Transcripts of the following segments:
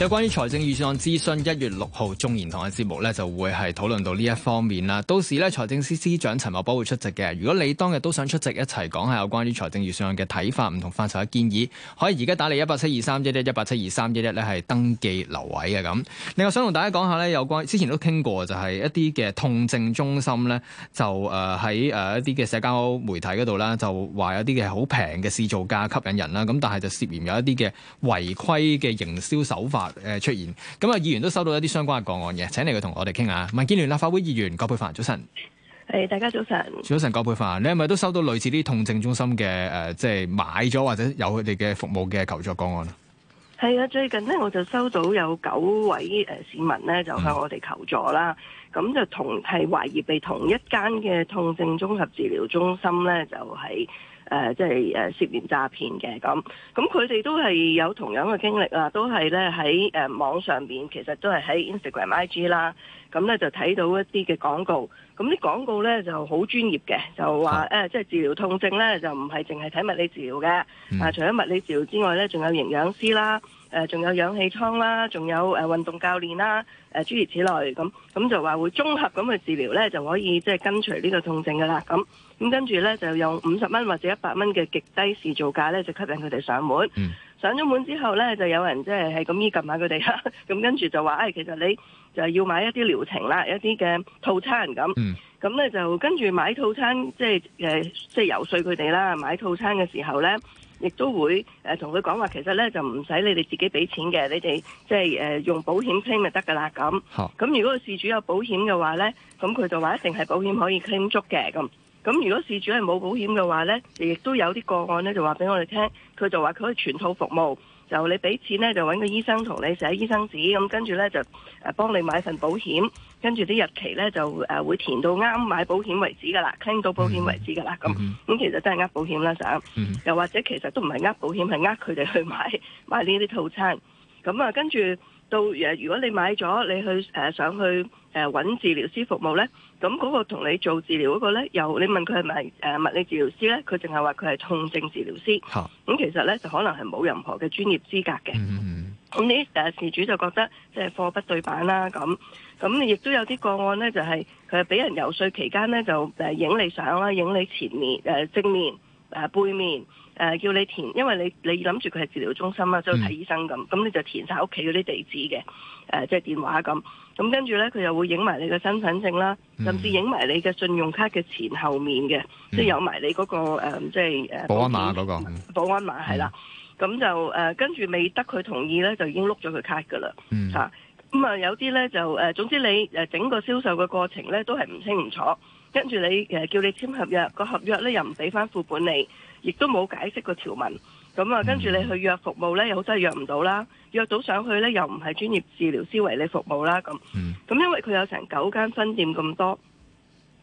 有關於財政預算案諮詢一月六號中研堂嘅節目咧，就會係討論到呢一方面啦。到時咧財政司司長陳茂波會出席嘅。如果你當日都想出席一齊講下有關於財政預算案嘅睇法，唔同範疇嘅建議，可以而家打嚟一八七二三一一一八七二三一一咧係登記留位嘅咁。另外想同大家講下咧有關之前都傾過，就係一啲嘅痛症中心咧，就誒喺誒一啲嘅社交媒體嗰度啦，就話有啲嘅好平嘅試做價吸引人啦。咁但係就涉嫌有一啲嘅違規嘅營銷手法。誒，出現咁啊！議員都收到一啲相關嘅個案嘅，請你去同我哋傾下。民建聯立法會議員葛珮帆，早晨。係，hey, 大家早晨。早晨，葛珮帆，你係咪都收到類似啲痛症中心嘅誒、呃，即係買咗或者有佢哋嘅服務嘅求助個案啊？係啊，最近呢，我就收到有九位誒、呃、市民呢就向我哋求助啦。咁、嗯、就同係懷疑被同一間嘅痛症綜合治療中心呢，就係、是。誒，即係誒涉嫌詐騙嘅咁，咁佢哋都係有同樣嘅經歷啦，都係咧喺誒網上面，其實都係喺 Instagram、IG 啦，咁咧就睇到一啲嘅廣告，咁啲廣告咧就好專業嘅，就話誒，即係、嗯呃就係、治療痛症咧，就唔係淨係睇物理治療嘅，啊、嗯，除咗物理治療之外咧，仲有營養師啦。誒仲、呃、有氧氣艙啦，仲有誒、呃、運動教練啦，誒、呃、諸如此類咁，咁就話會綜合咁去治療咧，就可以即係根除呢個痛症噶啦。咁咁跟住咧就用五十蚊或者一百蚊嘅極低市造價咧，就吸引佢哋上門。嗯、上咗門之後咧，就有人即係係咁依撳下佢哋啦，咁跟住就話誒、哎，其實你就係要買一啲療程啦，一啲嘅套餐咁。咁咧、嗯、就跟住買套餐，即係誒即係游説佢哋啦。買套餐嘅時候咧。亦都會誒同佢講，話其實咧，就唔使你哋自己畀錢嘅，你哋即係誒用保險 claim 就得㗎啦咁。咁 如果個事主有保險嘅話咧，咁佢就話一定係保險可以 claim 足嘅咁。咁如果事主係冇保險嘅話呢，亦都有啲個案呢就話俾我哋聽，佢就話佢可以全套服務，就你畀錢呢，就揾個醫生同你寫醫生紙，咁跟住呢，就幫你買份保險，跟住啲日期呢，就誒會填到啱買保險為止㗎啦，傾到保險為止㗎啦，咁咁、嗯、哼其實都係呃保險啦，就又、嗯、哼或者其實都唔係呃保險，係呃佢哋去買買呢啲套餐，咁啊跟住。到如果你買咗你去誒上、呃、去誒揾、呃、治療師服務咧，咁嗰個同你做治療嗰個咧，又你問佢係咪誒物理治療師咧，佢淨係話佢係痛症治療師，咁、啊、其實咧就可能係冇任何嘅專業資格嘅。咁你誒事主就覺得即係貨不對版啦，咁咁亦都有啲個案咧，就係佢係俾人游説期間咧，就影你相啦，影你前面誒、呃、正面誒、呃、背面。誒、呃、叫你填，因為你你諗住佢係治療中心啦，即係睇醫生咁，咁、嗯、你就填晒屋企嗰啲地址嘅、呃，即係電話咁，咁跟住咧佢又會影埋你嘅身份證啦，嗯、甚至影埋你嘅信用卡嘅前後面嘅、嗯、那個呃，即係有埋你嗰個即係誒。呃、保安碼嗰、那個。保安碼係啦，咁、嗯、就誒、呃、跟住未得佢同意咧，就已經碌咗佢卡噶㗎啦，嚇、嗯啊，咁啊有啲咧就誒、呃，總之你整個銷售嘅過程咧都係唔清唔楚。跟住你誒叫你簽合約，個合約咧又唔俾翻副本你，亦都冇解釋個條文。咁啊，跟住你去約服務咧，又好真係約唔到啦。約到上去咧，又唔係專業治療師為你服務啦。咁咁因為佢有成九間分店咁多，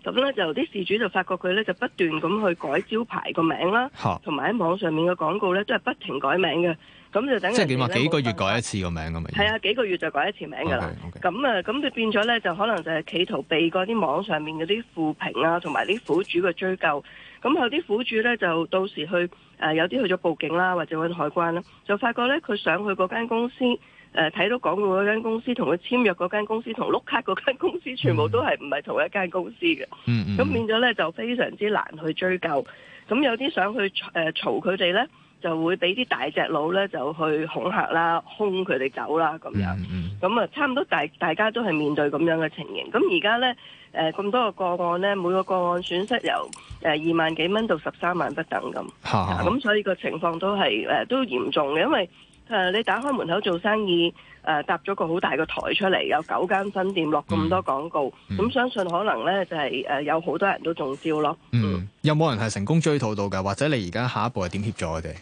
咁咧就啲事主就發覺佢咧就不斷咁去改招牌個名啦，同埋喺網上面嘅廣告咧都係不停改名嘅。咁就等即係點話幾個月改一次個名咁啊？係啊，幾個月就改一次名㗎喇。咁啊 Okay, okay.，咁就變咗咧，就可能就係企圖避過啲網上面嗰啲負評啊，同埋啲苦主嘅追究。咁有啲苦主咧，就到時去誒、呃、有啲去咗報警啦，或者揾海關啦，就發覺咧，佢上去嗰間公司、誒睇到廣告嗰間公司、同佢簽約嗰間公司、同碌卡嗰間公司，全部都係唔係同一間公司嘅。咁、mm hmm. 變咗咧，就非常之難去追究。咁有啲想去誒嘈佢哋咧。呃就會俾啲大隻佬呢，就去恐嚇啦，兇佢哋走啦，咁樣。咁啊、嗯嗯，差唔多大大家都係面對咁樣嘅情形。咁而家呢，咁、呃、多個個案呢，每個個案損失由、呃、二萬幾蚊到十三萬不等咁。咁、啊啊、所以個情況都係、呃、都嚴重嘅，因為。誒、呃，你打開門口做生意，誒、呃、搭咗個好大個台出嚟，有九間分店，落咁多廣告，咁相信可能呢就係誒有好多人都中招咯。嗯，有冇人係成功追討到㗎？或者你而家下一步係點協助佢哋？誒、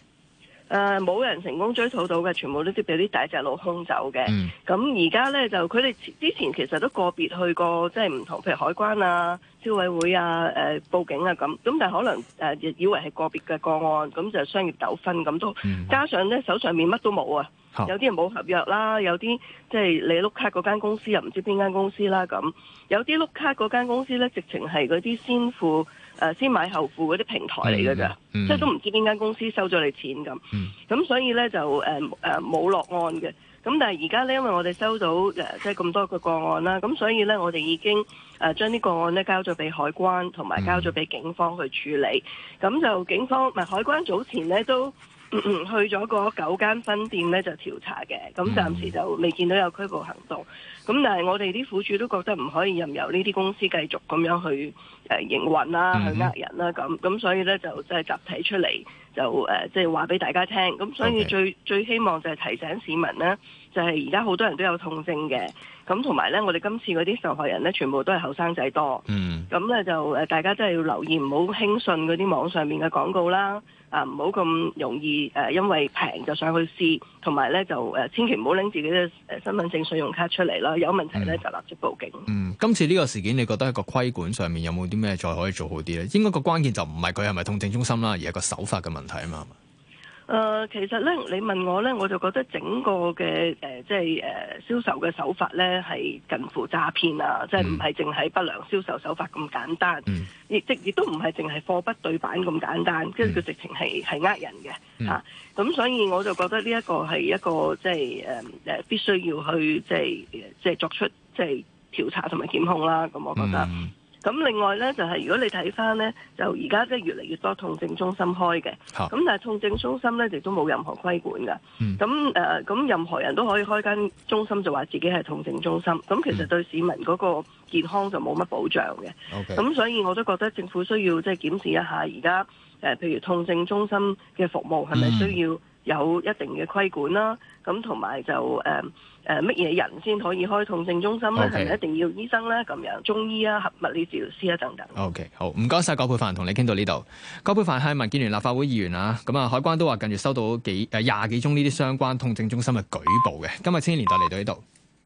呃，冇人成功追討到嘅，全部都接俾啲大隻佬空走嘅。咁而家呢，就佢哋之前其實都個別去過，即係唔同，譬如海關啊、消委會啊，誒、呃、報警啊，咁咁但係可能誒、呃、以為係個別嘅個案，咁就商業糾紛咁都，嗯、加上咧手上面乜都冇啊，哦、有啲人冇合約啦，有啲即係你碌卡嗰間公司又唔知邊間公司啦，咁有啲碌卡嗰間公司咧直情係嗰啲先付誒、呃、先買後付嗰啲平台嚟㗎咋，即係、嗯、都唔知邊間公司收咗你錢咁，咁、嗯嗯、所以咧就誒誒冇落案嘅。咁但係而家咧，因為我哋收到誒即係咁多個個案啦，咁所以咧，我哋已經誒將啲個案咧交咗俾海關同埋交咗俾警方去處理。咁就警方唔係海關早前咧都。嗯嗯，去咗嗰九間分店咧就調查嘅，咁暫時就未見到有拘捕行動。咁但係我哋啲苦主都覺得唔可以任由呢啲公司繼續咁樣去誒、呃、營運啦、啊，去呃人啦、啊，咁咁所以咧就即係集體出嚟就誒即係話俾大家聽。咁所以最 Okay. 最希望就係提醒市民呢，就係而家好多人都有痛症嘅。咁同埋咧，我哋今次嗰啲受害人咧全部都係後生仔多。咁咧、嗯、就大家真係要留意，唔好輕信嗰啲網上面嘅廣告啦。啊，唔好咁容易、呃、因為平就上去試，同埋咧就、呃、千祈唔好拎自己嘅身份證、信用卡出嚟啦。有問題咧就立即報警。嗯，嗯，今次呢個事件，你覺得喺個規管上面有冇啲咩再可以做好啲咧？應該個關鍵就唔係佢係咪痛症中心啦，而係個手法嘅問題啊嘛。係嘛？誒、呃，其實咧，你問我咧，我就覺得整個嘅誒、呃，即係誒銷售嘅手法咧，係近乎詐騙啊！嗯、即係唔係淨係不良銷售手法咁簡單，亦即亦都唔係淨係貨不對版咁簡單，即係佢直情係係呃人嘅嚇。咁、嗯啊、所以我就覺得呢一個係一個即係誒誒，必須要去即係即係作出即係調查同埋檢控啦。咁我覺得。嗯咁另外咧就係、是、如果你睇翻咧，就而家即係越嚟越多痛症中心開嘅，咁但係痛症中心咧亦都冇任何規管㗎。咁誒、嗯，咁、呃、任何人都可以開間中心就話自己係痛症中心，咁其實對市民嗰個健康就冇乜保障嘅。咁、嗯、所以我都覺得政府需要即係檢視一下而家誒，譬如痛症中心嘅服務係咪需要有一定嘅規管啦，咁同埋就誒誒乜嘢人先可以開痛症中心咧？係咪 Okay. 一定要醫生咧？咁樣中醫啊、合物理治療師啊等等。OK，好唔該晒，葛珮帆同你傾到呢度。葛珮帆係民建聯立法會議員啊，咁啊，海關都話近住收到幾誒廿幾宗呢啲相關痛症中心嘅舉報嘅。今日《千禧年代》嚟到呢度。